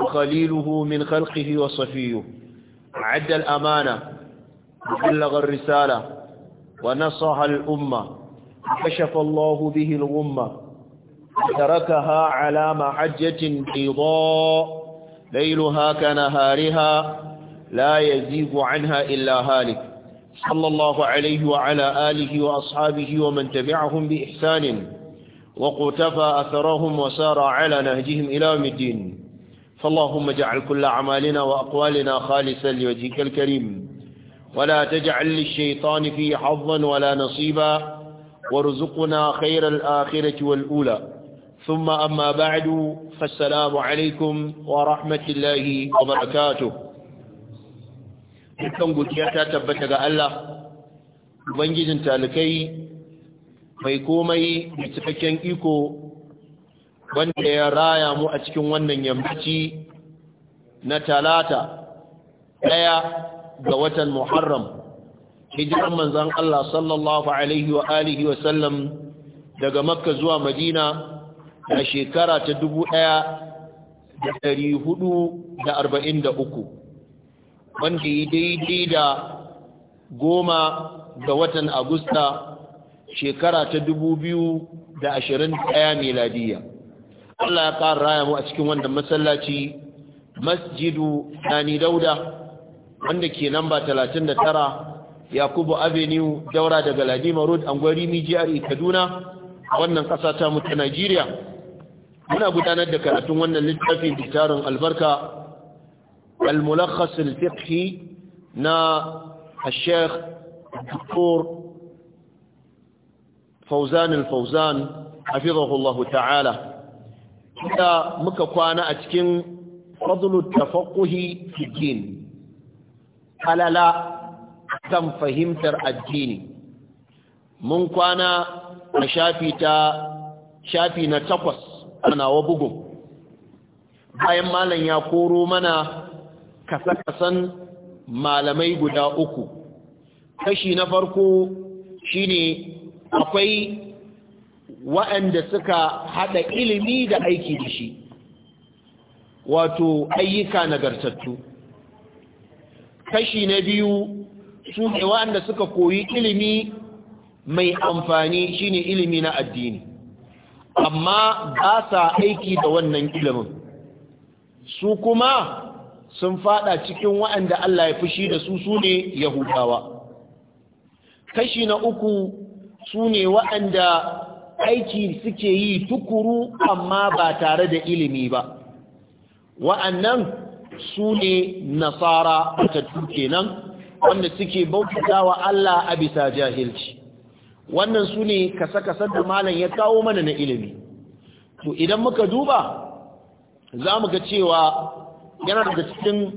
وخليله من خلقه وصفيه عد الأمانة وبلغ الرسالة ونصح الأمة كشف الله به الغمة تركها على محجة بيضاء ليلها كنهارها لا يزيغ عنها إلا هالك صلى الله عليه وعلى آله وأصحابه ومن تبعهم بإحسان وقتفى أثرهم وسار على نهجهم إلى مدين فاللهم اجعل كل أعمالنا وأقوالنا خالصا لوجهك الكريم ولا تجعل للشيطان فيه حظا ولا نصيبا وارزقنا خير الآخرة والأولى ثم أما بعد فالسلام عليكم ورحمة الله وبركاته dukkan gukiya ta tabbata ga Allah ubangijin talikai mai komai da cikakken iko wanda ya raya mu a cikin wannan yammaci na talata ɗaya ga watan muharram hijiran manzan Allah sallallahu alaihi wa alihi wa sallam daga makka zuwa madina a shekara ta dubu ɗaya da ɗari hudu da arba'in da uku wanda yi daidai da goma ga watan agusta shekara ta dubu biyu da ashirin ɗaya meladiya Allah ya ƙara raya mu a cikin wannan masallaci masjidu Dani Dauda wanda ke namba 39 Yakubu Avenue Daura daga Ladima Road Angwari Mijiyar Kaduna a wannan ƙasa ta mu ta Najeriya muna gudanar da karatun wannan littafin bitarin albarka الملخص fikhi na الشيخ الدكتور فوزان fauzan حفظه الله تعالى da muka kwana a cikin fadlu tafaqquhi fi din alala kan fahimtar addini mun kwana a shafi ta shafi na takwas ana wa bugun bayan malam ya koro mana kasa-kasan malamai guda uku kashi na farko shine akwai waɗanda suka haɗa ilimi da aiki da shi wato ayyuka nagartattu kashi na biyu su ne waɗanda suka koyi ilimi mai amfani shine ilimi na addini amma ba sa aiki da wannan ilimin su kuma sun fada cikin waɗanda Allah ya fushi da su su ne yahudawa kashi na uku su ne waɗanda aiki suke yi tukuru amma ba tare da ilimi ba wa'annan su ne nasara batattu kenan wanda suke bautata wa Allah a bisa jahilci wannan su ne kasa-kasar da malam ya kawo mana na ilimi to idan muka duba za mu ga cewa yana daga cikin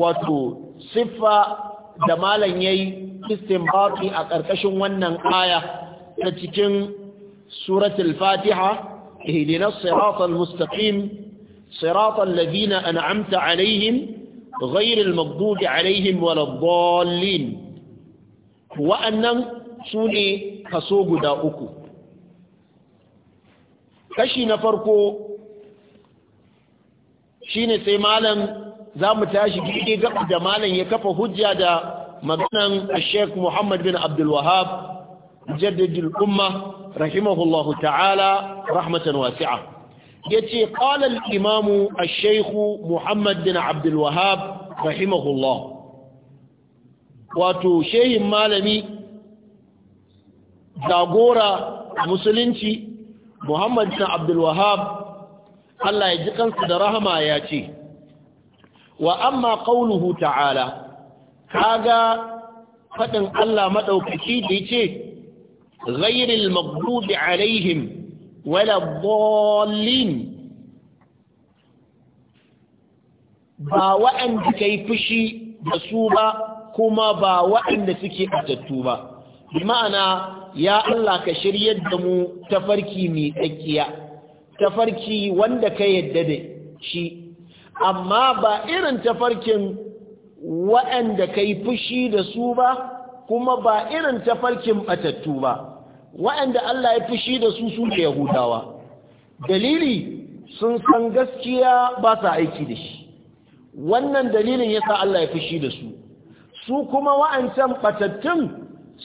wato siffa da malam ya yi a ƙarƙashin wannan aya ta cikin suratul fatiha ihdina siratal mustaqim siratal ladina an'amta alaihim ghairil maghdubi alaihim waladdallin wa'annan sune kaso guda uku kashi na farko shine sai malam zamu tashi gidi gaba da malam ya kafa hujja da maganan Sheikh Muhammad bin Abdul Wahhab مجدد umma رحمه ta'ala تعالى رحمة واسعة يتي قال الإمام الشيخ محمد بن عبد الوهاب رحمه الله wato shehin malami jagora musulunci muhammad bin abdulwahab Allah ya ji kansa da rahma ya ce wa amma qauluhu ta'ala kaga fadin Allah madaukaki da yace غير المغضوب عليهم ولا الضالين ba waɗanda ka yi fushi da su ba kuma ba waɗanda suke atattu ba bi ma'ana ya Allah ka shiryar da mu tafarki mai tsakiya tafarki wanda ka yadda da shi amma ba irin tafarkin waɗanda ka yi fushi da su ba kuma ba irin tafarkin batattu ba waɗanda Allah ya fushi da su su ne yahudawa dalili sun san gaskiya ba sa aiki da shi wannan dalilin yasa Allah ya fushi da su su kuma wa'ancan batattun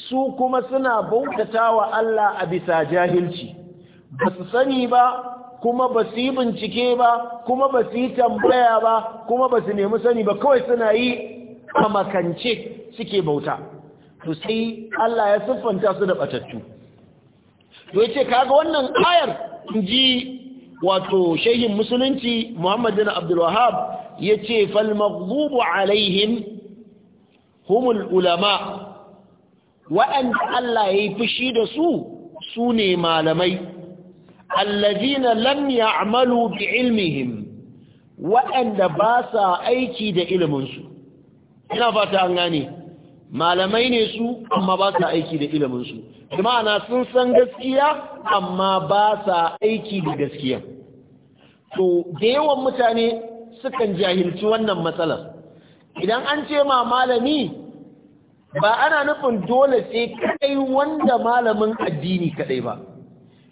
su kuma suna bautatawa Allah a bisa jahilci ba su sani ba kuma ba su yi bincike ba kuma ba su yi tambaya ba kuma ba su nemi sani ba kawai suna yi a makance suke bauta to sai Allah ya siffanta su da batattu to yace kaga wannan ayar inji wato shehin musulunci Muhammad bin Abdul Wahhab yace fal maghdubu alaihim humul ulama wa'anda Allah yayi fushi da su sune malamai allazina lam ya'malu bi ilmihim Waɗanda ba sa aiki da iliminsu ina fata an gane malamai ne su amma ba sa aiki da iliminsu ma'ana sun san gaskiya amma ba sa aiki da gaskiya to da yawan mutane sukan jahilci wannan matsalar idan an ce ma malami ba ana nufin dole sai kadai wanda malamin addini kadai ba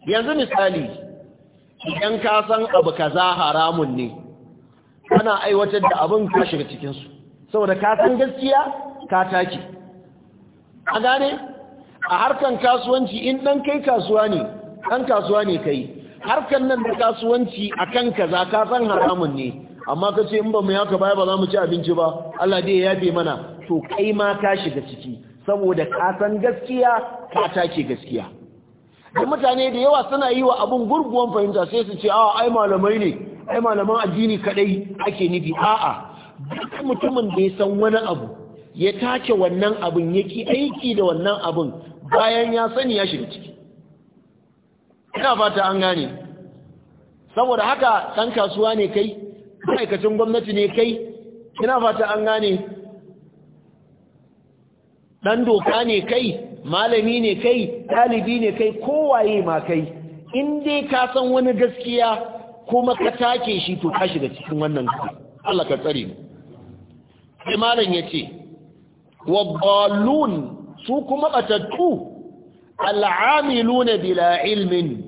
yanzu misali idan ka san abu kaza haramun ne ana aiwatar da abin ka cikinsu saboda ka san gaskiya kataki a gane a harkan kasuwanci in dan kai kasuwa ne dan kasuwa ne kai harkan nan da kasuwanci a kan kaza ka san haramun ne amma ka ce in ba mu yaka baya ba za mu ci abinci ba Allah dai ya yafe mana to kai ma ka shiga ciki saboda ka san gaskiya ka take gaskiya da mutane da yawa suna yi wa abun gurguwan fahimta sai su ce a ai malamai ne ai malaman addini kadai ake nufi a'a duk mutumin da ya san wani abu ya take wannan abin ya aiki da wannan abin bayan ya sani ya shiga ciki ina fata an gane saboda haka ɗan kasuwa ne kai ma'aikacin gwamnati ne kai ina fata an gane ɗan doka ne kai malami ne kai ɗalibi ne kai kowaye ma kai in dai ka san wani gaskiya kuma ka take shi to ka shiga cikin wannan Allah ka tsare mu sai malam ya ce waddallun su kuma batattu al'amiluna bila ilmin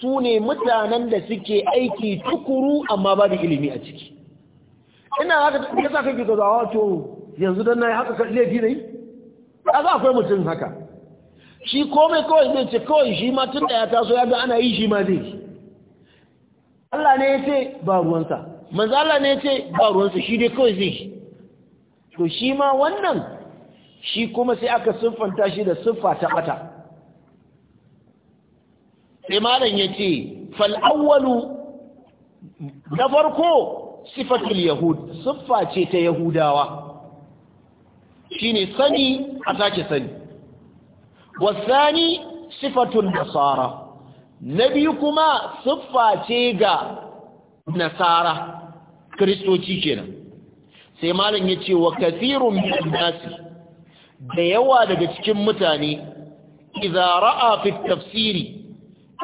su ne mutanen da suke aiki tukuru amma ba da ilimi a ciki ina haka ya sa kake ka zawa to yanzu dan nayi haka ka laifi ne A za akwai mutum haka shi komai kawai zai ce kawai shi ma tun da ya taso ya ga ana yi shi ma zai yi Allah ne ya ce ba ruwansa manzo Allah ne ya ce ba ruwansa shi dai kawai zai yi to shi ma wannan shi kuma sai aka siffanta shi da siffa ta bata sai malam ya ce fal'awwalu na farko siffatul yahud siffa ce ta yahudawa ne sani a sake sani wasani sifatun nasara na biyu kuma siffa ce ga nasara kristoci kenan sai malam ya ce wa kathirun nasi da yawa daga cikin mutane idza ra'a fi tafsiri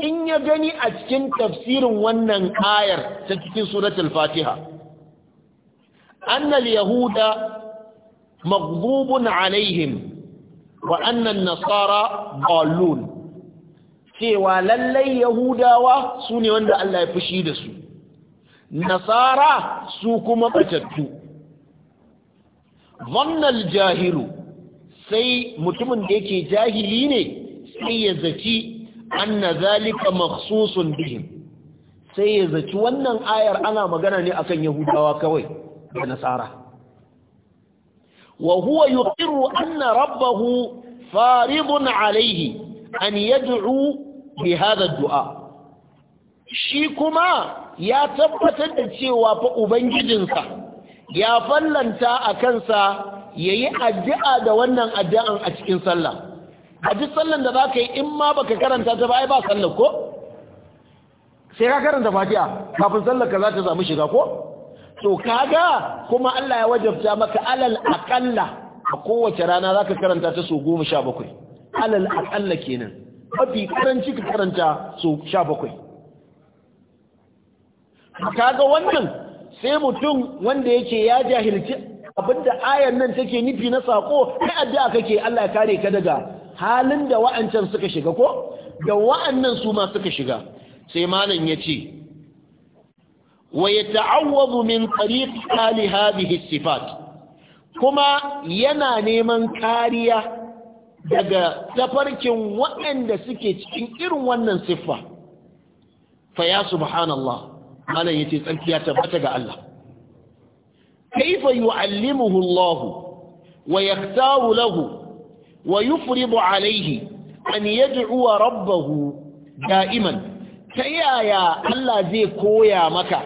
in ya gani a cikin tafsirin wannan ayar ta cikin suratul fatiha annal yahuda maghdubun alaihim wa nasara balun cewa lallai yahudawa su ne wanda Allah ya fushi da su nasara su kuma batattu ظن jahilu. sai mutumin da yake jahili ne sai ya zaci anna zalika makhsusun bihim sai ya zaci wannan ayar ana magana ne akan yahudawa kawai da nasara wa huwa yuqirru anna rabbahu faridun alayhi an yad'u bi hadha ad-du'a shi kuma ya tabbatar da cewa fa ubangijinsa ya fallanta a kansa ya yi addu'a da wannan addu'an a cikin sallah a duk sallan da zaka yi in ma baka karanta ta ba ai ba sallah ko sai ka karanta Fatiha kafin sallar ka za ta samu shiga ko to kaga kuma Allah ya wajabta maka alal aqalla a kowace rana zaka karanta ta sha 17 alal aqalla kenan mafi karanci ka karanta so 17 kaga wannan sai mutum wanda yake ya jahilci abinda ayan nan take nufi na sako kai addu'a kake Allah ya kare ka daga halin da wa'ancan suka shiga ko da wa'annan su ma suka shiga sai malam ya ce wa yata'awwadu min tariq ali hadhihi sifat kuma yana neman kariya daga tafarkin waɗanda suke cikin irin wannan siffa fa ya subhanallah malam yace tsankiya tabbata ga Allah كيف يعلمه الله ويختار له ويفرض عليه أن يدعو ربه دائما zai koya زي كويا مكا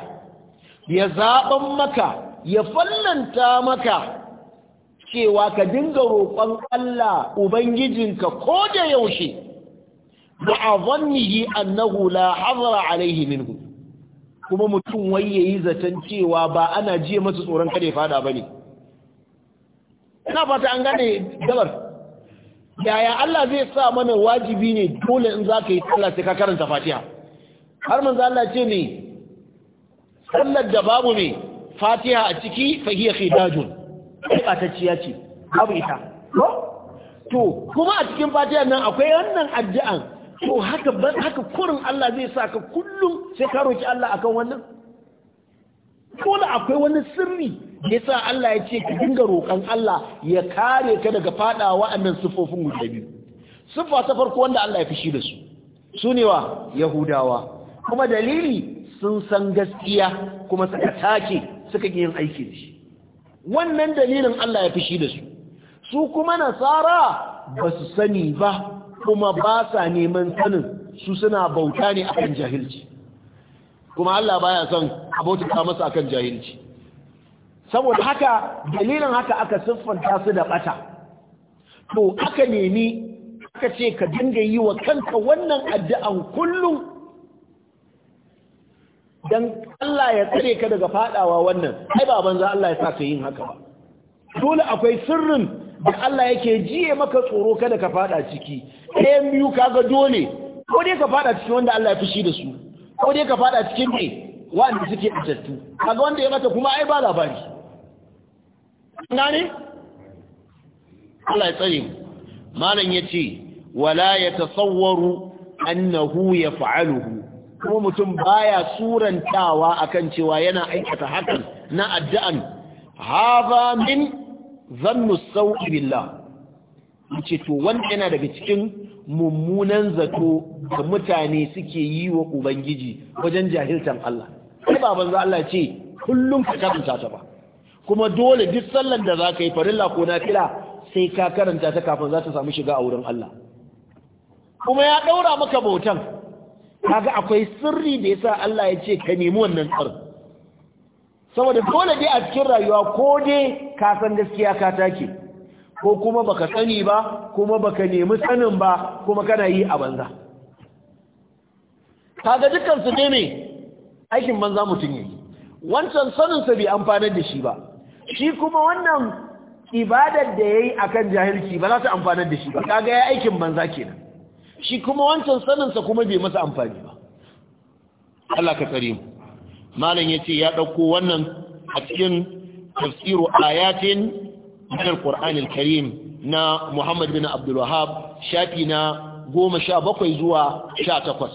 يزاقا مكا يفلن تامكا cewa ka dinga roƙon Allah Ubangijinka ko da yaushe ba a zannihi annahu la alaihi minhu kuma mutum wai yi zaton cewa ba ana jiye masa tsoron kada ya fada ne. ina fata an gane dabar yaya Allah zai sa mana wajibi ne dole in zaka yi tsalla sai ka karanta Fatiha har manzo Allah ce ne sallar da babu ne Fatiha a ciki fa hiya khidajun batacciya ce babu ita to kuma a cikin Fatiha nan akwai wannan addu'an to haka ban haka kurin Allah zai sa ka kullum sai ka roki Allah akan wannan dole akwai wani sirri ya sa Allah ya ce ka dinga roƙan Allah ya kare ka daga fadawa wa'annan sifofin guda biyu siffa ta farko wanda Allah ya fishi da su Su ne wa yahudawa kuma dalili sun san gaskiya kuma suka take suka yin aiki da shi wannan dalilin Allah ya fishi da su su kuma nasara ba su sani ba kuma ba sa neman sanin su suna bauta ne akan jahilci kuma Allah baya son abota masa akan jahilci saboda haka dalilin haka aka siffanta su da bata to aka nemi aka ce ka dinga yi wa kanka wannan addu'an kullum dan Allah ya tsare ka daga fadawa wannan ai ba za Allah ya sa ka yin haka ba dole akwai sirrin da Allah yake jiye maka tsoro kada ka fada ciki ɗayan biyu kaga dole ko dai ka fada cikin wanda Allah ya fushi da su ko dai ka fada cikin ne wanda suke ajattu kaga wanda ya mata kuma ai ba labari gane Allah ya tsare mu malam yace wala yatasawwaru annahu yaf'aluhu kuma mutum baya surantawa akan cewa yana aikata hakan na addu'an hadha min zannu sau'i billah ce to wanda yana daga cikin mummunan zato da mutane suke yi wa ubangiji wajen jahiltan Allah kai ba banza Allah ce kullum ka karanta ta ba kuma dole duk sallan da za ka yi farilla ko nafila sai ka karanta ta kafin za ta samu shiga a wurin Allah kuma ya daura maka bautan kaga akwai sirri da yasa Allah ya ce ka nemi wannan tsarin saboda dole dai a cikin rayuwa ko dai ka san gaskiya ka take ko kuma baka sani ba kuma baka nemi sanin ba kuma kana yi a banza kaga dukkan su dai ne aikin banza mutum ne wancan sanin sa bai amfanar da shi ba shi kuma wannan ibadar da yayi akan jahilci ba za ta amfanar da shi ba kaga ya aikin banza kenan shi kuma wancan sanin sa kuma bai masa amfani ba Allah ka tsare mu malam yace ya ɗauko wannan a cikin tafsiru ayatin min alqur'ani karim na Muhammad bin Abdulwahab. shafi na goma sha bakwai zuwa takwas.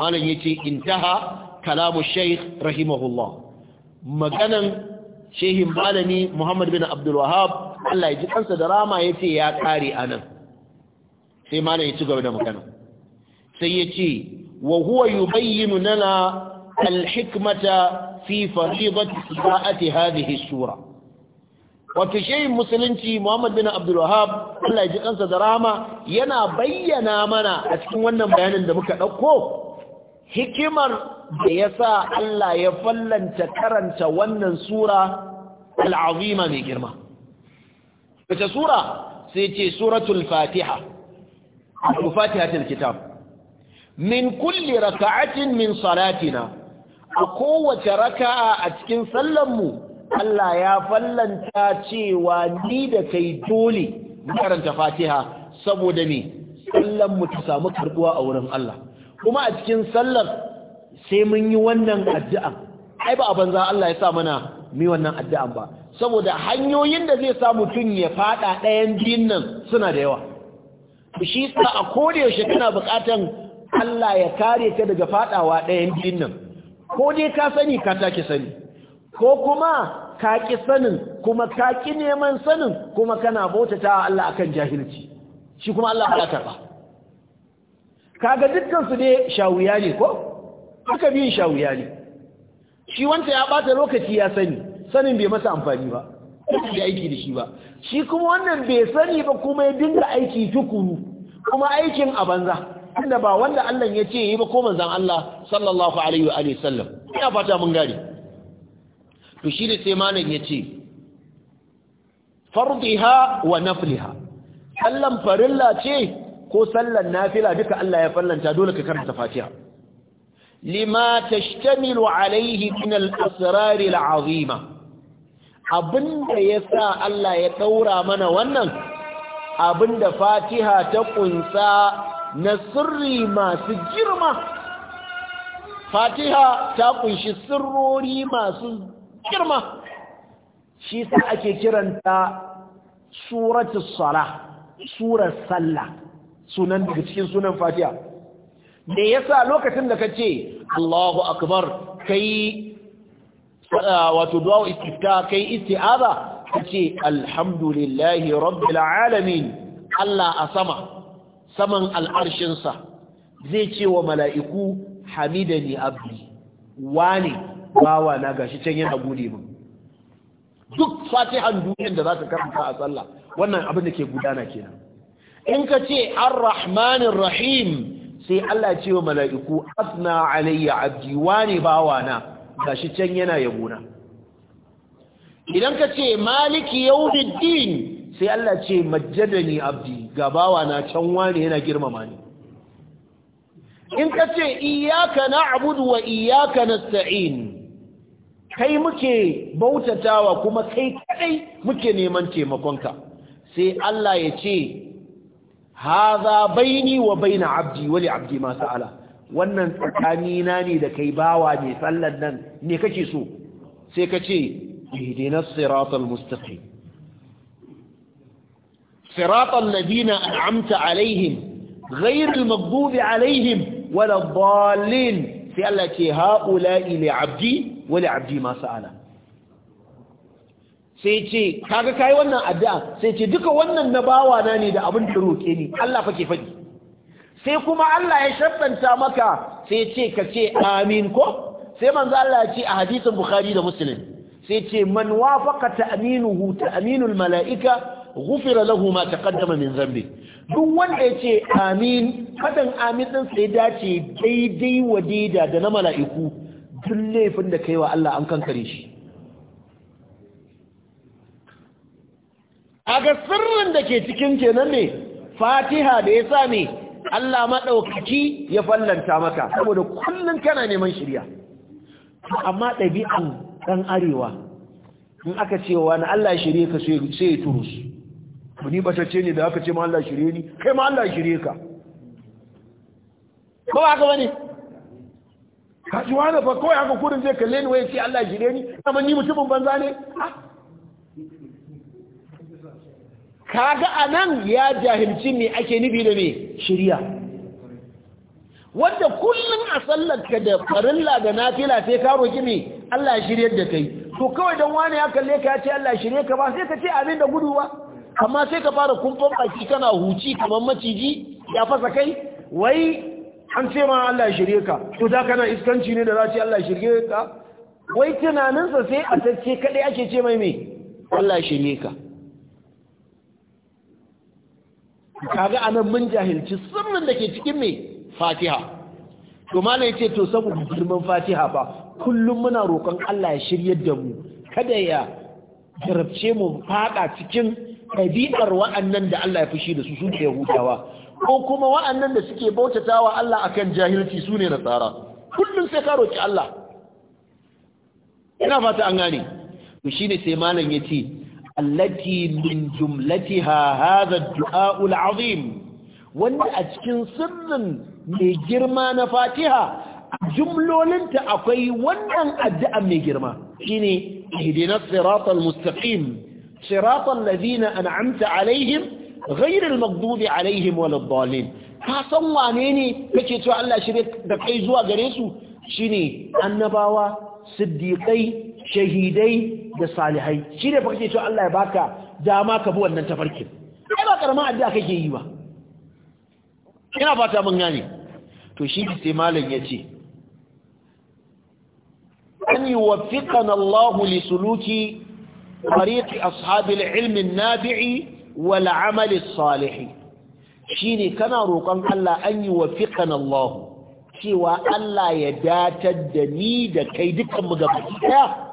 malam yace intaha kalamu sheikh rahimahullah maganan shehin malami Muhammad bin Abdulwahab. Allah ya ji kansa da rama ya ce ya kare anan sai malam ya ci gaba da magana sai yace wa huwa yubayyinu nana الحكمة في فريضة قراءة هذه السورة wato shehin musulunci Muhammad bin Abdul Wahhab Allah ya ji kansa da rahama yana bayyana mana a cikin wannan bayanin da muka dauko hikimar da yasa Allah ya fallanta karanta wannan sura al-azima mai girma wace sura sai ce suratul Fatiha al-Fatihatul Kitab min kulli raka'atin min salatina a kowace raka'a a cikin sallanmu Allah ya fallanta cewa ni da kai dole karanta fatiha saboda me sallanmu ta samu karbuwa a wurin Allah kuma a cikin sallar sai mun yi wannan addu'an. ai ba a banza Allah ya sa mana mi wannan addu'an ba saboda hanyoyin da zai sa mutum ya fada ɗayan dinnan suna da yawa shi sa a koda yaushe kana buƙatan Allah ya kare ka daga fadawa ɗayan dinnan. ko dai ka sani ka take sani ko kuma ka ki sanin kuma ka ki neman sanin kuma kana bautata Allah akan jahilci shi kuma Allah ya karba kaga dukkan su ne shawiya ne ko aka bi shawiya ne shi wanda ya bata lokaci ya sani sanin bai masa amfani ba ya aiki da shi ba shi kuma wannan bai sani ba kuma ya dinga aiki tukuru kuma aikin a banza tunda ba wanda Allah ya ce yi ba ko manzon Allah sallallahu alaihi wa sallam ina fata mun gari. to shi ne sai malam ya ce fardiha wa nafliha sallan farilla ce ko sallan nafila duka Allah ya fallanta dole ka karanta fatiha lima tashtamilu alaihi min al-asrar al-azima abinda yasa Allah ya daura mana wannan abinda fatiha ta kunsa na sirri masu girma fatiha ta kunshi sirrori masu girma shi sa ake kiranta suratu sala surar sallah sunan daga cikin sunan fatiha me yasa lokacin da kace Allahu akbar kai uh, wato du'a istifta kai isti'aza kace alhamdulillahi rabbil alamin Allah a sama saman al'arshinsa zai ce wa mala'iku hamidani abdi wane bawa na gashi can yana gode min duk fatihan duniyar da za ka karanta a tsalla, wannan abin da ke gudana kenan in ka ce ar-rahmanir rahim sai Allah ce wa mala'iku asna alayya abdi wa na gashi can yana yabona idan ka ce maliki yawmiddin sai Allah ce majjadani abdi gabawa na can wani yana girmama ni in ka ce iyaka na'budu wa iyaka na sa'in kai muke bautatawa kuma kai kadai muke neman taimakonka sai Allah ya ce hadha baini wa baina abdi wa abdi ma sa'ala wannan tsakani na ne da kai bawa ne sallan nan ne kake so sai ka ce ihdinas siratal mustaqim صراط الذين أنعمت عليهم غير المغضوب عليهم ولا الضالين في التي هؤلاء لعبدي ولعبدي ما سأله sai ce kaga kai wannan addu'a sai ce duka wannan na bawa na ne da abin da roke ni Allah fa ke faɗi sai kuma Allah ya shaddanta maka sai ce ka ce amin ko sai manzo Allah ya ce a hadisin Bukhari da Muslim sai ce man wafaqa ta'minuhu ta'minul mala'ika ghufira lahu ma taqaddama min zambi duk wanda yace amin fadan amin din sai dace daidai wa daida da na mala'iku duk laifin da kai wa Allah an kankare shi a ga sirrin da ke cikin kenan ne fatiha da yasa ne Allah madaukaki ya fallanta maka saboda kullun kana neman shirya amma ɗabi'an ɗan arewa in aka ce wa na Allah shirye ka sai ya turus. to ni batacce ne da aka ce ma Allah shirye ni kai ma Allah shirye ka ko ba ka bane ka ji wani fa kawai haka kurin zai kalle ni waye ce Allah shirye ni amma ni mutumin banza ne ah. kaga anan ya jahilci me ake nufi da me shirya wanda kullun a sallarka da farilla da nafila sai ka roki me Allah shiryar da kai to kawai dan wani ya kalle ka ya ce Allah shirye ka ba sai ka ce abin da gudu ba amma sai ka fara kumfan baki kana huci kamar maciji ya fasa kai wai an ce ma Allah shirye ka to da kana iskanci ne da za ce Allah shirye ka wai tunaninsa sai a tacce kadai ake ce mai me Allah shirye ka kaga anan mun jahilci sirrin da ke cikin me Fatiha to malai ce to saboda girman Fatiha ba kullum muna roƙon Allah ya shirye da mu kada ya jarabce mu faɗa cikin ɗabi'ar wa'annan da Allah ya fushi da su suke ya hutawa, ko kuma wa'annan da suke bautatawa Allah akan jahilci su ne tsara. kullum sai ka roki Allah ina fata an gane to shine sai malam yace allati min jumlatiha hadha ad-du'a azim wanda a cikin sirrin mai girma na Fatiha jumlolinta akwai wannan addu'a mai girma shine ihdinas siratal mustaqim صراط الذين أنعمت عليهم غير المغضوب عليهم ولا الضالين كاسن وانيني kake cewa Allah shirya da kai zuwa gare su shine annabawa siddiqai shahidai da salihai shine fa kake cewa Allah ya baka dama ka bi wannan tafarkin ai ba karama addu'a kake yi ba ina fata mun gane to shi sai malam yace an yuwaffiqana Allah li suluki طريق أصحاب العلم النابع والعمل الصالح شيني كان روقان الله أن يوفقنا الله cewa Allah ya datar da ni da kai dukan gabaki ɗaya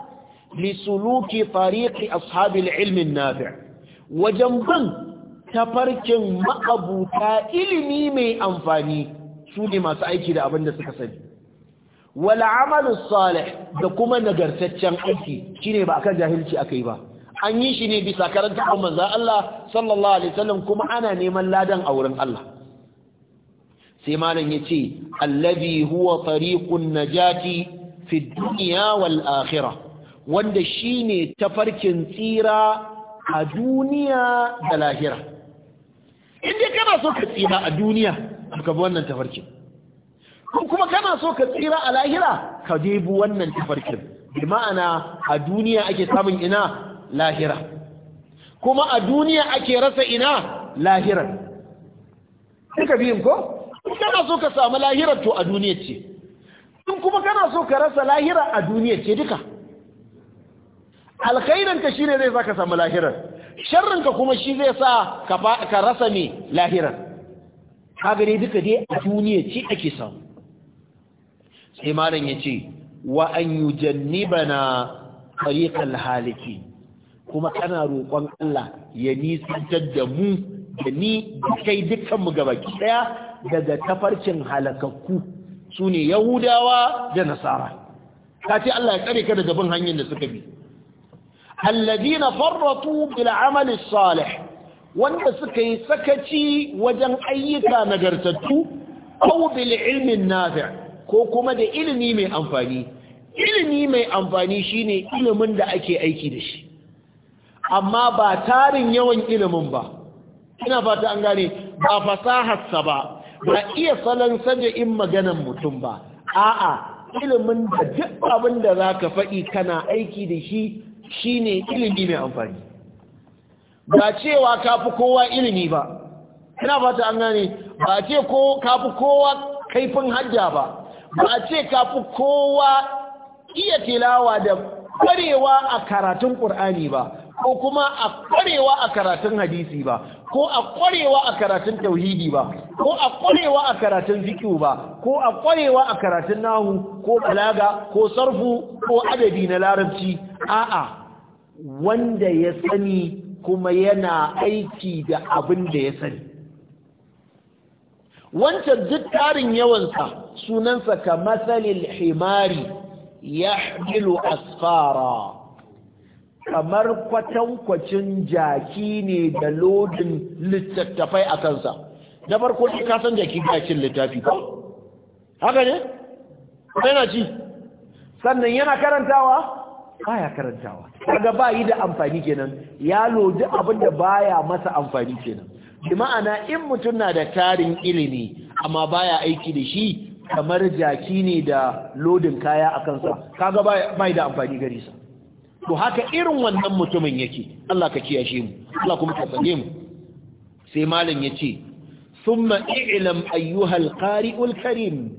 li suluki tariqi ashabil ilmin nafi' wajen ban tafarkin ma'abuta ilimi mai amfani su ne masu aiki da abinda suka sadi. wal amalu salih da kuma nagartaccen aiki shine ba akan jahilci akai ba an yi shi ne bisa karanta manzon Allah sallallahu alaihi wasallam kuma ana neman ladan a wurin Allah sai malam yace allazi huwa tariqun najati fi dunya wal akhirah wanda shine tafarkin tsira a duniya da lahira inda kana so ka tsira a duniya ka bi wannan tafarkin ko kuma kana so ka tsira a lahira ka debu wannan tafarkin bi ma'ana a duniya ake samun ina lahira kuma a duniya ake rasa ina lahirar duka biyun ko kana so ka samu lahirar to a duniya ce in kuma kana so ka rasa lahira a duniya ce duka alkhairanka shine zai sa ka samu lahirar sharrinka kuma shi zai sa ka rasa ne lahirar haka ne duka dai a duniya ce ake samu sai malam yace wa an yujannibana tariqal haliki kuma kana roƙon Allah ya nisantar da mu da ni da kai dukkan mu gabaki daya daga tafarkin halakakku sune yahudawa da nasara ce Allah ya tsare ka daga bin hanyar da suka bi na farratu bil amali salih wanda suka yi sakaci wajen ayyuka nagartattu ko bil ilmin nafi' ko kuma da ilimi mai amfani ilimi mai amfani shine ilimin da ake aiki da shi amma ba tarin yawan ilimin ba ina fata an gane ba fasaharsa ba ba iya salon sanya in maganan mutum ba a'a ilimin da duk abin da za ka faɗi kana aiki da shi shine ilimi mai amfani ba cewa kafi kowa ilimi ba ina fata an gane ba ce ko kafi kowa kaifin hajja ba ba a ce kafi kowa iya tilawa da ƙwarewa a karatun ƙur'ani ba ko kuma a ƙwarewa a karatun hadisi ba ko a ƙwarewa a karatun tauhidi ba ko a ƙwarewa a karatun zikiyu ba ko a ƙwarewa a karatun nahu ko balaga ko sarfu ko adadi na larabci a'a wanda ya sani kuma yana aiki da abin da ya sani wancan duk tarin yawansa sunansa ka matsalil himari ya hilu asfara kamar kwatankwacin jaki ne da lodin littattafai a kansa da farko shi kasan jaki jakin littafi ba haka ne? yana ci sannan yana karantawa? baya karantawa kaga ba yi da amfani kenan ya lodi abinda baya masa amfani kenan bi ma'ana in mutum na da tarin ilimi amma baya aiki da shi kamar jaki ne da lodin kaya a kansa kaga bai da amfani gare sa to haka irin wannan mutumin yake Allah ka kiyashe mu Allah kuma ka tsare mu sai malam yace thumma i'lam ayyuha alqari'ul karim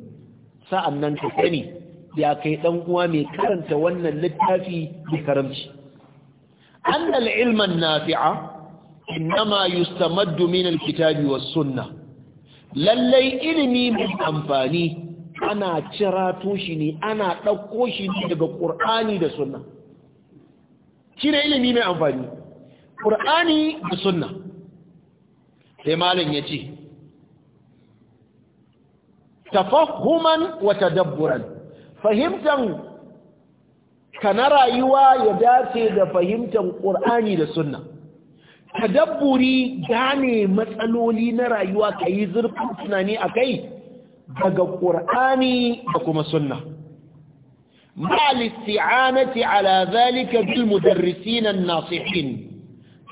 sa'annan ka sani ya kai dan uwa mai karanta wannan littafi bi karamci annal ilman nafi'a innama yustamaddu min alkitabi was sunna lallai ilimi mai amfani ana cira toshi ne ana ɗauko shi ne daga ƙur'ani da sunna shi ilimi mai amfani ƙur'ani da sunna sai malam ya ce tafahuman wata dabburan fahimtan ka na rayuwa ya dace da fahimtan ƙur'ani da sunna Ka dabburi gane matsaloli na rayuwa ka yi zurfin tunani a kai daga ƙur'ani da kuma sunna ma'alisti'anati ala zalika bil mudarrisin nasihin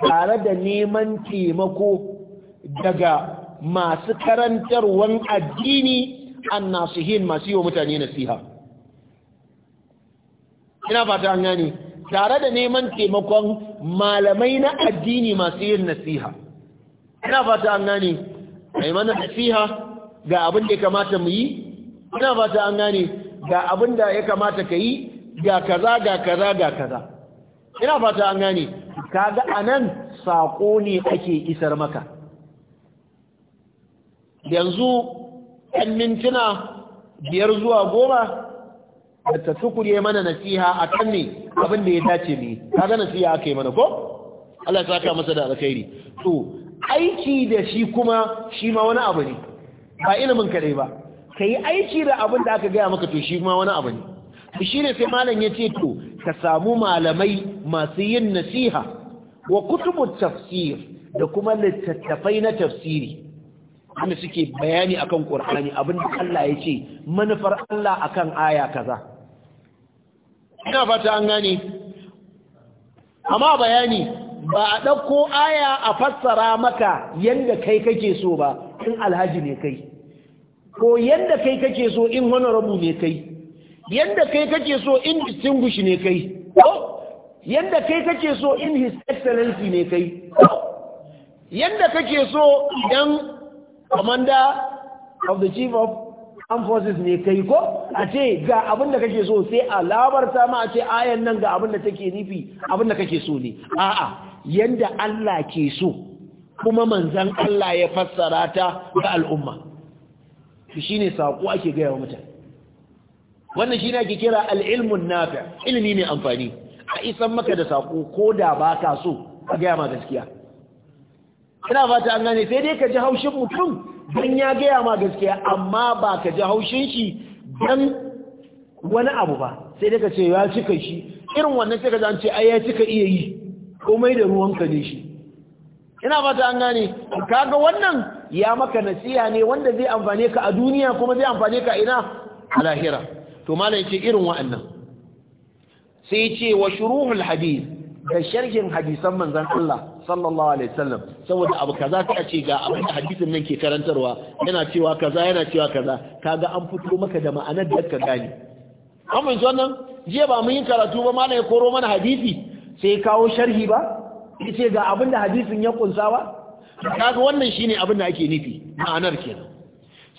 tare da neman taimako daga masu karantarwan addini an nasihin masu yi wa mutane nasiha ina fata an gani. tare da neman taimakon malamai na addini masu yin nasiha ina fata an gane mai mana nasiha ga abin da ya kamata mu yi ina fata an gane ga abin da ya kamata ka yi ga kaza ga kaza ga kaza ina fata an gane kaga anan saƙo ne ake isar maka yanzu ɗan mintuna biyar zuwa goma ta tukure mana nasiha kan ne abin da ya dace ne kaga nasiha aka yi mana ko Allah ya saka masa da alkhairi to aiki da shi kuma shi ma wani abu ne ba ilimin kadai ba Ka yi aiki da abin da aka gaya maka to shi ma wani abu ne to shine sai malam ya ce to ka samu malamai masu yin nasiha wa kutubun tafsir da kuma littattafai na tafsiri wanda suke bayani akan Qur'ani abin da Allah ya ce manufar Allah akan aya kaza ina fata an gane amma bayani ba a ɗauko aya a fassara maka yadda kai kake so ba in alhaji ne kai ko yadda kai kake so in honorable ne kai yadda kai kake so in distinguish ne kai ko yadda kai kake so in his excellency ne kai yadda kake so idan commander of the chief of an forces ne kai ko a ce ga abin da kake so sai a labarta ma a ce ayan nan ga abin da take nufi abin da kake so ne a'a yanda Allah ke so kuma manzan Allah ya fassara ta ga al'umma shi shine sako ake gaya wa mutane wannan shine ake kira al-ilmun nafi ilimi ne amfani a isan maka da sako ko da ba ka so a gaya ma gaskiya ina fata an gane sai dai ka ji haushin mutum don ya gaya ma gaskiya amma ba ka ji haushin shi don wani abu ba sai daga ce ya cika shi irin wannan sai ka ce ai ya cika iya yi komai da ruwanka ne shi ina fata an gane kaga wannan ya maka nasiha ne wanda zai amfane ka a duniya kuma zai amfane ka ina a lahira to malai ce irin wa'annan sai ce wa shuruhul hadith da sharhin hadisan manzan Allah sallallahu alaihi wasallam saboda abu kaza sai a ce ga abin da hadisin nan ke karantarwa yana cewa kaza yana cewa kaza kaga an fito maka da ma'anar da ka gane amma yanzu nan jiya ba mun yi karatu ba mana ya koro mana hadisi sai kawo sharhi ba yace ga abin da hadisin ya kunsa ba kaga wannan shine abin da ake nufi ma'anar kenan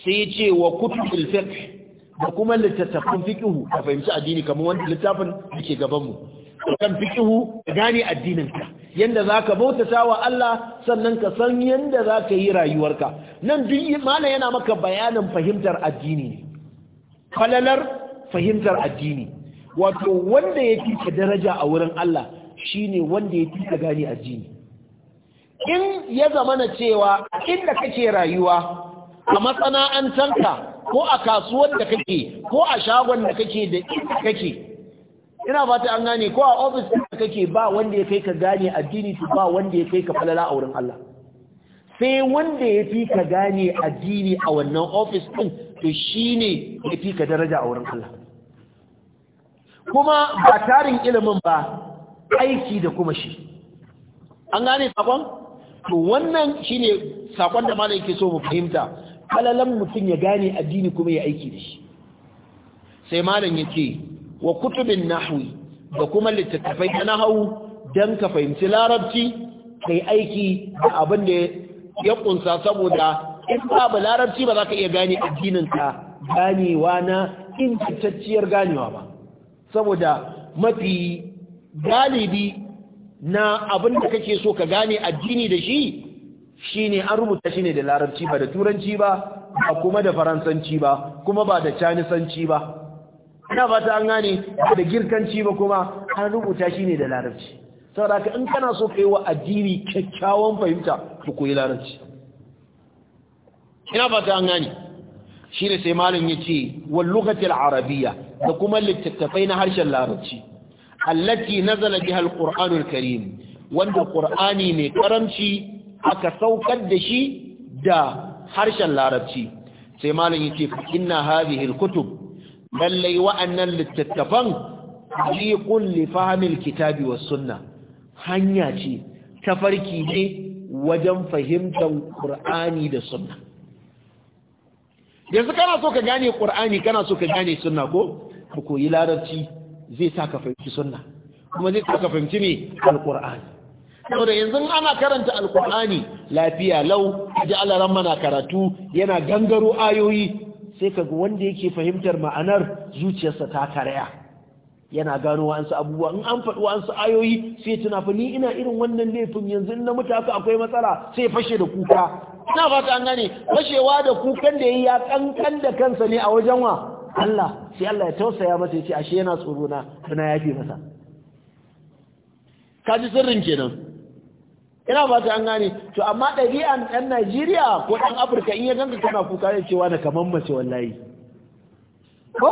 sai ya ce wa kutubul fiqh da kuma littattafan fiqh ka fahimci addini kamar wanda littafin da ke gaban mu kan fikihu ka gane addininka yanda za ka bautata wa Allah sannan ka san yanda za ka yi rayuwarka nan duk malam yana maka bayanin fahimtar addini ne falalar fahimtar addini wato wanda ya ka daraja a wurin Allah shine wanda ya ka gane addini in ya zamana cewa inda kake rayuwa a matsana'antanka ko a kasuwar da kake ko a shagon da kake da inda kake ina ba an gane ko a ofis da kake ba wanda ya kai ka gane addini to ba wanda ya kai ka falala a wurin Allah sai wanda ya fi ka gane addini a wannan ofis din to shine ya fi ka daraja a wurin Allah kuma ba tarin ilimin ba aiki da kuma shi an gane sakon to wannan shine sakon da malam yake so mu fahimta falalan mutum ya gane addini kuma ya aiki da shi sai malam yake wa kutubin nahwi da kuma littattafai na nahawu don ka fahimci larabci kai aiki da abin da ya kunsa saboda in babu larabci ba za ka iya gane addininka ganewa na intacciyar ganewa ba saboda mafi galibi na abin da kake so ka gane addini da shi shine an rubuta shi ne da larabci ba da turanci ba ba kuma da faransanci ba kuma ba da canisanci ba ina ba ta an gane da girkanci ba kuma an rubuta shi ne da larabci saboda ka in kana so yi wa addini kyakkyawan fahimta ku koyi larabci ina ba ta an gane shi ne sai malam ya ce wal lughati arabiyya da kuma littattafai na harshen larabci allati nazala biha al karim wanda qur'ani mai karamci aka saukar da shi da harshen larabci sai malam ya ce inna hadhihi al-kutub lallai wa'annan littattafan liqul li fahmil kitabi was sunna hanya ce ta farki ne wajen fahimtar qur'ani da sunna yanzu kana so ka gane qur'ani kana so ka gane sunna ko ko koyi larabci zai sa fahimci sunna kuma zai sa ka fahimci me alqur'ani saboda yanzu ana karanta alqur'ani lafiya lau ji Allah ran mana karatu yana gangaro ayoyi sai ga wanda yake fahimtar ma'anar zuciyarsa ta karaya yana gano wa'ansu abubuwa in an faɗi wa'ansu ayoyi sai tuna ni ina irin wannan laifin yanzu na mutaka akwai matsala sai fashe da kuka ina fata an gane fashewa da kukan da yayi ya kankan da kansa ne a wajen wa Allah sai Allah ya tausaya masa ya ce ashe yana tsoro na tuna yafi masa kaji sirrin kenan ina ba ta an gane to amma ɗabi'an ɗan najeriya ko ɗan afirka in ya ganka kana kuka ya cewa na kaman mace wallahi ko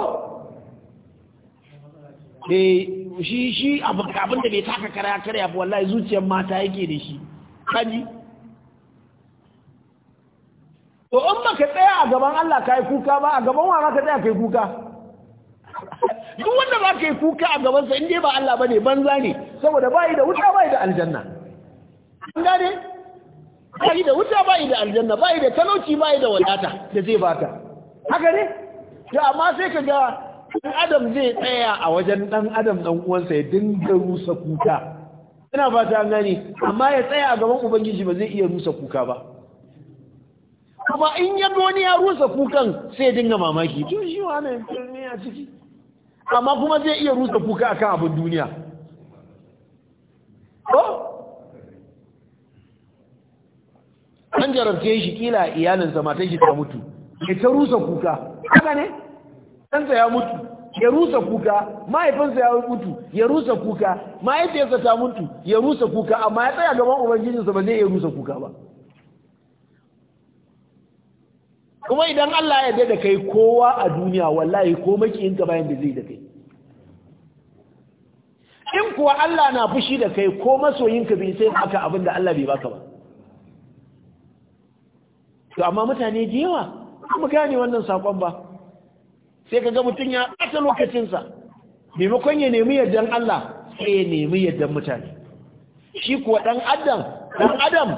eh, shi shi abin da bai taka karya karya ba wallahi zuciyar mata yake da shi kaji to in ba ka tsaya a gaban Allah ka yi kuka ba a gaban wa ka tsaya ka yi kuka duk wanda ba ka yi kuka a gabansa dai ba Allah ba ne banza ne saboda bayi da wuta bayi da aljanna gane ba yi da wuta ba yi da aljanna ba yi da talauci ba yi da wadata da zai bata haka ne Da amma sai ka ga ɗan adam zai tsaya a wajen ɗan adam ɗan uwansa ya dinga rusa kuka ina ba ta gani, amma ya tsaya a gaban ubangiji ba zai iya rusa kuka ba kuma in ya wani ya rusa kukan sai ya dinga mamaki to shi wani ne a ciki amma kuma zai iya rusa kuka a kan abin duniya jarabce shi kila iyalinsa matan shi ta mutu ya ta rusa kuka haka ne ɗansa ya mutu ya rusa kuka mahaifinsa ya mutu ya rusa kuka mahaifiyarsa ta mutu ya rusa kuka amma ya tsaya gaban ubangijinsa ba zai iya rusa kuka ba kuma idan Allah ya yarda da kai kowa a duniya wallahi ko makiyinka bayan da zai da kai in kuwa Allah na fushi da kai ko masoyinka bai sai aka abin da Allah bai baka ba to amma mutane da yawa kuma gane wannan sakon ba sai ka ga mutum ya ɓata lokacinsa maimakon ya nemi yardan Allah sai ya nemi yardan mutane shi kuwa ɗan adam ɗan adam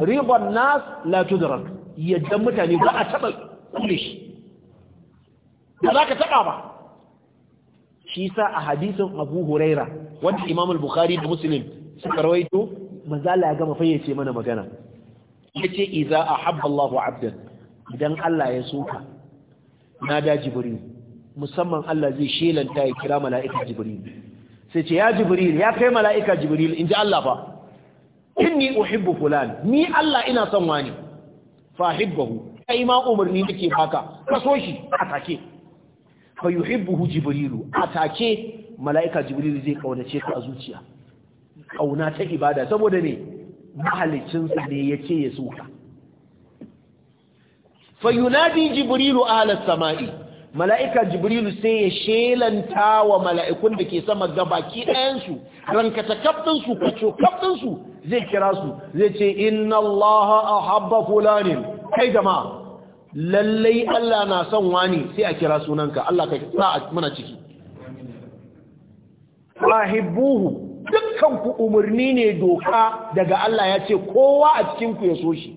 riban nas la tudrak yardan mutane ba a taɓa kule shi ba za ka taɓa ba shi sa a hadisin abu huraira wanda imam bukhari da muslim suka rawaito manzala ya gama fayyace mana magana yace iza a Allahu 'abdan idan Allah ya soka na da jibril musamman Allah zai shelanta ya kira mala'ika jibril sai ce ya jibril ya kai mala'ika jibril inji Allah fa inni uhibbu fulan ni Allah ina son wani fa hibbahu kai ma umarni nake baka ka so shi atake fa yuhibbuhu jibril atake mala'ika jibril zai kaunace ka a zuciya kauna ta ibada saboda ne mahalicinsa ne ya ce ya suka fayunadi jibrilu ala sama'i mala'ika jibrilu sai ya shelanta wa mala'ikun da ke sama gabaki ɗayansu rankata kafinsu kwaco kafinsu zai kira su zai ce inna allaha a habba fulanin kai jama'a lallai Allah na son wani sai a kira sunanka Allah ka sa mana ciki Rahibuhu, dukkan ku umarni ne doka daga Allah ya ce kowa a cikin ku ya so shi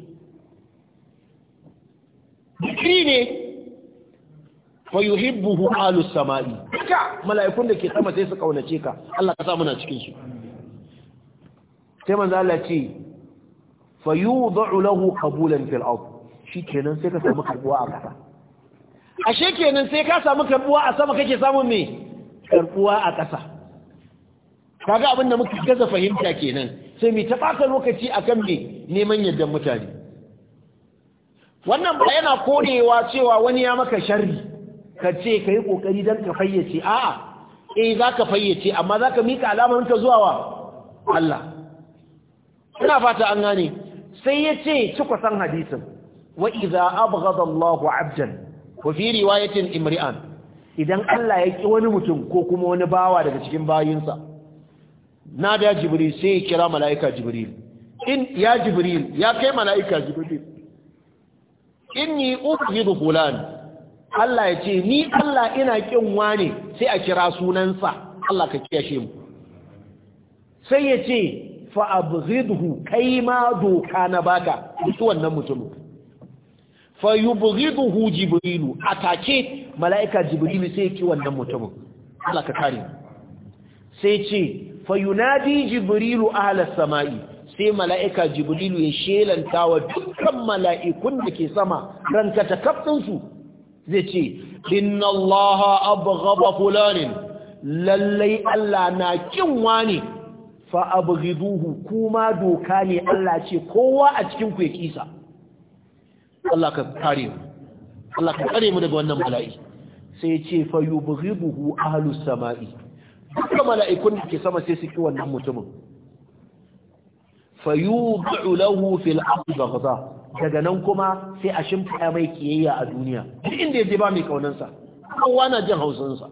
dikiri ne fa yuhibbuhu alu samai duka mala'ikun da ke sama sai su kaunace ka Allah ka sa muna cikin su sai manzo Allah ce fa yudhu lahu qabulan fil ard shikenan sai ka samu karbuwa a kasa ashe kenan sai ka samu karbuwa a sama kake samun me karbuwa a kasa kaga abin da muka gaza fahimta kenan sai mu ta baka lokaci akan me neman yadda mutane wannan ba yana korewa cewa wani ya maka sharri ka ce ka yi kokari don ka fayyace a'a eh za ka fayyace amma za ka mika alamar ka zuwa wa Allah ina fata an gane sai ya ce ci kusan hadisin wa idza abghada Allahu 'abdan wa fi riwayatin imri'an idan Allah ya ki wani mutum ko kuma wani bawa daga cikin bayinsa na da jibril sai ya kira mala'ika jibril in ya jibril ya kai mala'ika jibril inni ukhidhu fulan Allah ya ce ni Allah ina kin wane sai a kira sunansa Allah ka kiyashe mu sai ya ce fa abghidhu kai ma doka na baka su wannan mutumin fa yubghidhu a atake mala'ika jibril sai ki wannan mutumin Allah ka kare sai ce fayunadi jibrilu ala sama'i sai mala'ika jibrilu ya shelanta wa dukkan mala'ikun da ke sama ranka ta kaftinsu zai ce inna allaha abghaba fulanin lallai Allah na kin wani fa abghiduhu kuma doka ne Allah ce kowa a cikin ku ya kisa Allah ka kare mu Allah ka kare mu daga wannan bala'i sai ya ce fa yubghiduhu ahlus sama'i duka mala'ikun da ke sama sai su ki wannan mutumin fayudu lahu fil ardi baghda daga nan kuma sai a shimfiɗa mai kiyayya a duniya duk inda yaje ba mai kaunansa kowa na jin hausansa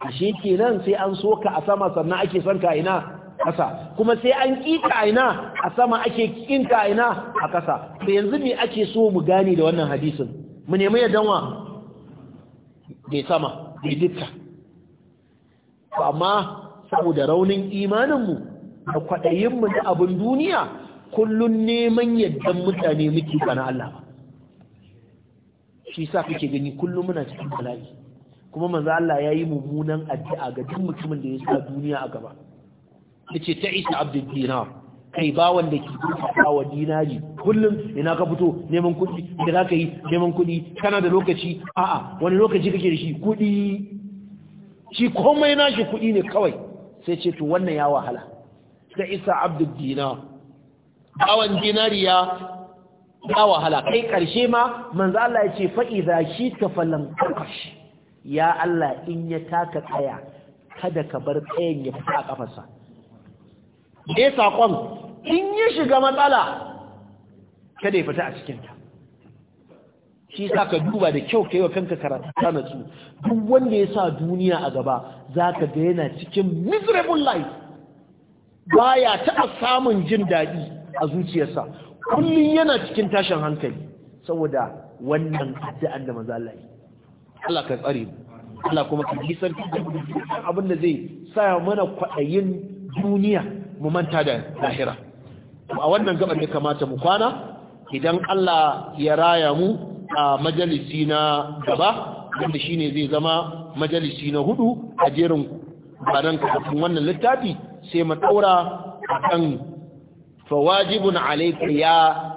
ashe kenan sai an soka a sama sannan ake son ka ina kasa kuma sai an kika ina a sama ake ka ina a kasa to yanzu me ake so mu gane da wannan hadisin mu nemi ya da sama bai dukkan amma saboda raunin imaninmu da kwaɗayinmu da abin duniya kullum neman yadda mutane muke kana Allah ba shi sa kake gani kullum muna cikin bala'i kuma manzo Allah ya yi mummunan addu'a ga duk mutumin da ya sa duniya a gaba yace ta isa abdul dinar kai ba wanda ke kuka wa dinari kullum ina ka fito neman kuɗi da zaka yi neman kuɗi kana da lokaci a'a wani lokaci kake da shi kuɗi shi komai nashi kuɗi ne kawai sai ce to wannan ya wahala sai isa abdul dinar bawan dinariya ya wahala kai ƙarshe ma manzo Allah ya ce fa idza shi ka falan ya Allah in ya taka tsaya kada ka bar tsayen ya fita a kafarsa E sakon in ya shiga matsala kada ya fita a cikinta. shi sa ka duba da kyau ka yi wa kanka karatu na su duk wanda ya sa duniya a gaba za ka ga yana cikin miserable life baya taɓa samun jin daɗi a zuciyarsa kullum yana cikin tashin hankali saboda wannan addu'an da maza Allah yi Allah ka tsare mu Allah kuma ka yi sarki abin da zai sa mana kwaɗayin duniya mu manta da lahira a wannan gaban ne kamata mu kwana idan Allah ya raya mu a majalisi na gaba wanda shine zai zama majalisi na hudu a jerin banan kafin wannan littafi sai mu daura akan fawajibun alayka ya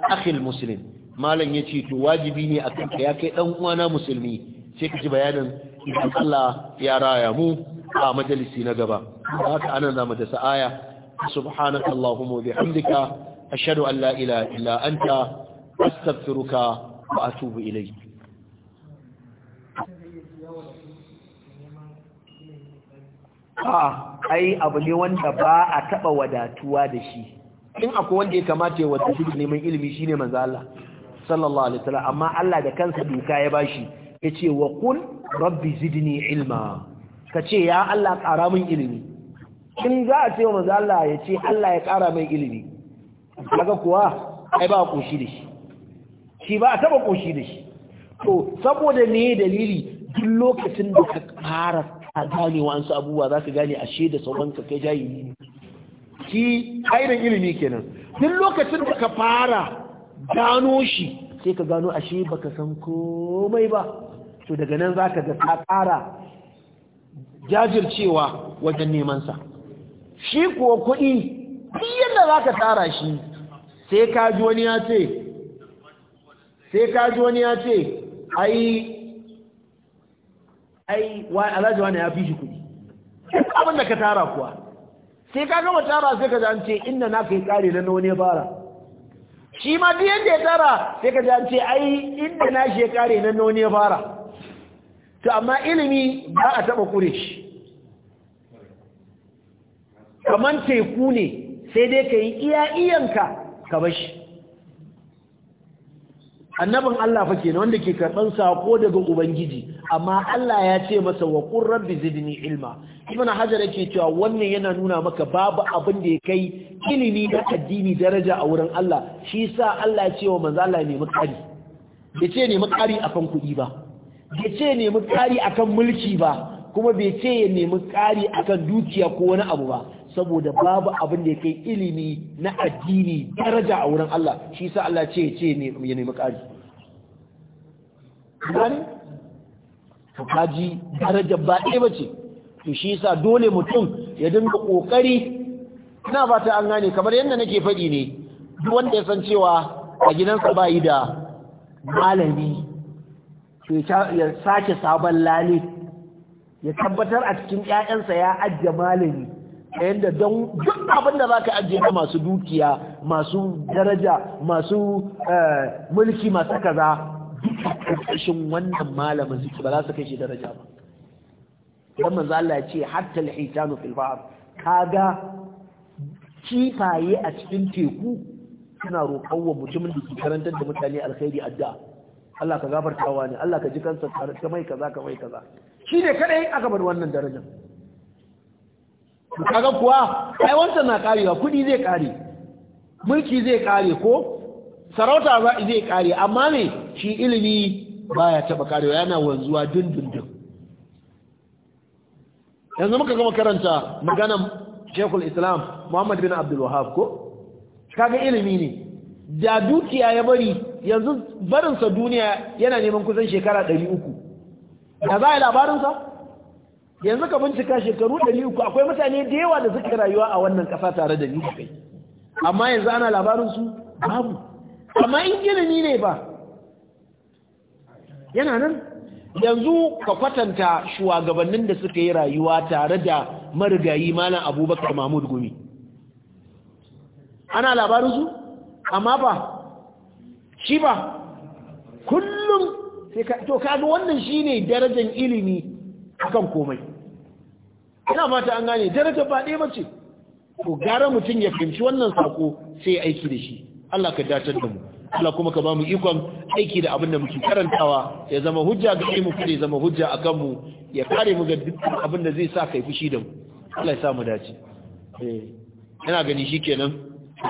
akhil muslim malam yace to wajibi ne akan ka ya kai dan uwana musulmi sai ka ji bayanin idan Allah ya raya mu a majalisi na gaba haka anan zamu da sa'aya subhanakallahumma wa bihamdika ashhadu an la ilaha illa anta astaghfiruka wa atubu ilayhi a'a ai abu ne wanda ba a taba wadatuwa da shi in akwai wanda ya kamata ya wadatu da neman ilimi shine manzo Allah sallallahu alaihi wasallam amma Allah da kansa duka ya bashi yace wa qul rabbi zidni ilma kace ya Allah ƙara min ilimi in za a ce wa manzo Allah yace Allah ya ƙara min ilimi kaga kuwa ai ba ku shi da shi shi ba a taba koshi da shi to saboda ne dalili duk lokacin da ka fara a gane wa'ansu abubuwa za ka gane ashe da sauran ka kai ne shi ainihin ilimi kenan duk lokacin da ka fara gano shi sai ka gano ashe ba ka san komai ba to daga nan za ka ga ta kara jajircewa wajen neman sa. shi kuwa kuɗi duk yadda za ka tara shi sai ka ji wani ya ce sai ka ji wani ya ce ai ai alhaji wani ya fi shi kuɗi abin da ka tara kuwa sai ka gama tara sai ka ji ce inda na kai kare na wani ya fara shi ma duk yadda ya tara sai ka ji ce ai inda na shi ya kare na wani ya fara to amma ilimi ba a taɓa kure shi kamar teku ne sai dai ka yi iya iyanka ka bashi annabin Allah fa kenan wanda ke karban sako daga ubangiji amma Allah ya ce masa wa qur rabbi zidni ilma ibn hajar yake cewa wannan yana nuna maka babu abin da ya kai ilimi da addini daraja a wurin Allah shi sa Allah ya ce wa manzo Allah ne mukari bai ce ne mukari akan kuɗi ba bai ce ne mukari akan mulki ba kuma bai ce ya nemi ƙari akan dukiya ko wani abu ba saboda babu abin da kai ilimi na addini daraja a wurin Allah shi sa Allah ce ce ne ya nemi kaji gani to kaji daraja ba ɗaya bace to shi sa dole mutum ya dinga kokari ina ba ta an gane kamar yadda nake faɗi ne duk wanda ya san cewa a gidansa ba yi da malami to ya sake sabon lale ya tabbatar a cikin ƴaƴansa ya ajje malami ta yadda don duk abin da za ka ajiye na masu dukiya masu daraja masu eh, mulki masu kaza ƙarƙashin wannan malamin suke ba za su kai shi daraja ba don manzo Allah ya ce hatta al-hitanu fil bahr kaga kifaye a cikin teku suna roƙon wa mutumin da ke karantar da mutane alkhairi addu'a Allah ka wa ne Allah ka ji kansa ka mai kaza ka mai kaza shi ne kadai aka bar wannan darajar kaga kuwa ai na karewa kudi zai kare mulki zai kare ko sarauta za zai kare amma ne shi ilimi baya taba karewa yana wanzuwa dindindin yanzu muka gama karanta maganan shekul islam muhammad bin abdul wahab ko kaga ilimi ne da dukiya ya bari yanzu barinsa duniya yana neman kusan shekara 300 da za a yi labarinsa yanzu ka bincika shekaru ɗari uku akwai mutane da yawa da suka rayuwa a wannan ƙasa tare da ni da kai amma yanzu ana labarin su babu amma in ilimi ne ba yana nan yanzu ka kwatanta shugabannin da suka yi rayuwa tare da marigayi malam abubakar mahmud gumi ana labarin su amma ba shi ba kullum to kaga wannan shine darajar ilimi akan komai ina mata an gane daraja ba ɗaya ce to gara mutum ya fahimci wannan sako sai aiki da shi Allah ka datar da mu Allah kuma ka ba mu ikon aiki da abin da muke karantawa ya zama hujja ga mu kuma ya zama hujja a kanmu ya kare mu ga duk abin da zai sa kai fushi da mu Allah ya sa mu dace eh ina gani shikenan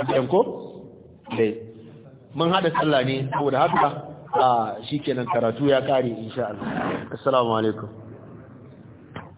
dan ko eh mun hada sallah ne saboda haka a shikenan karatu ya kare insha Allah assalamu alaikum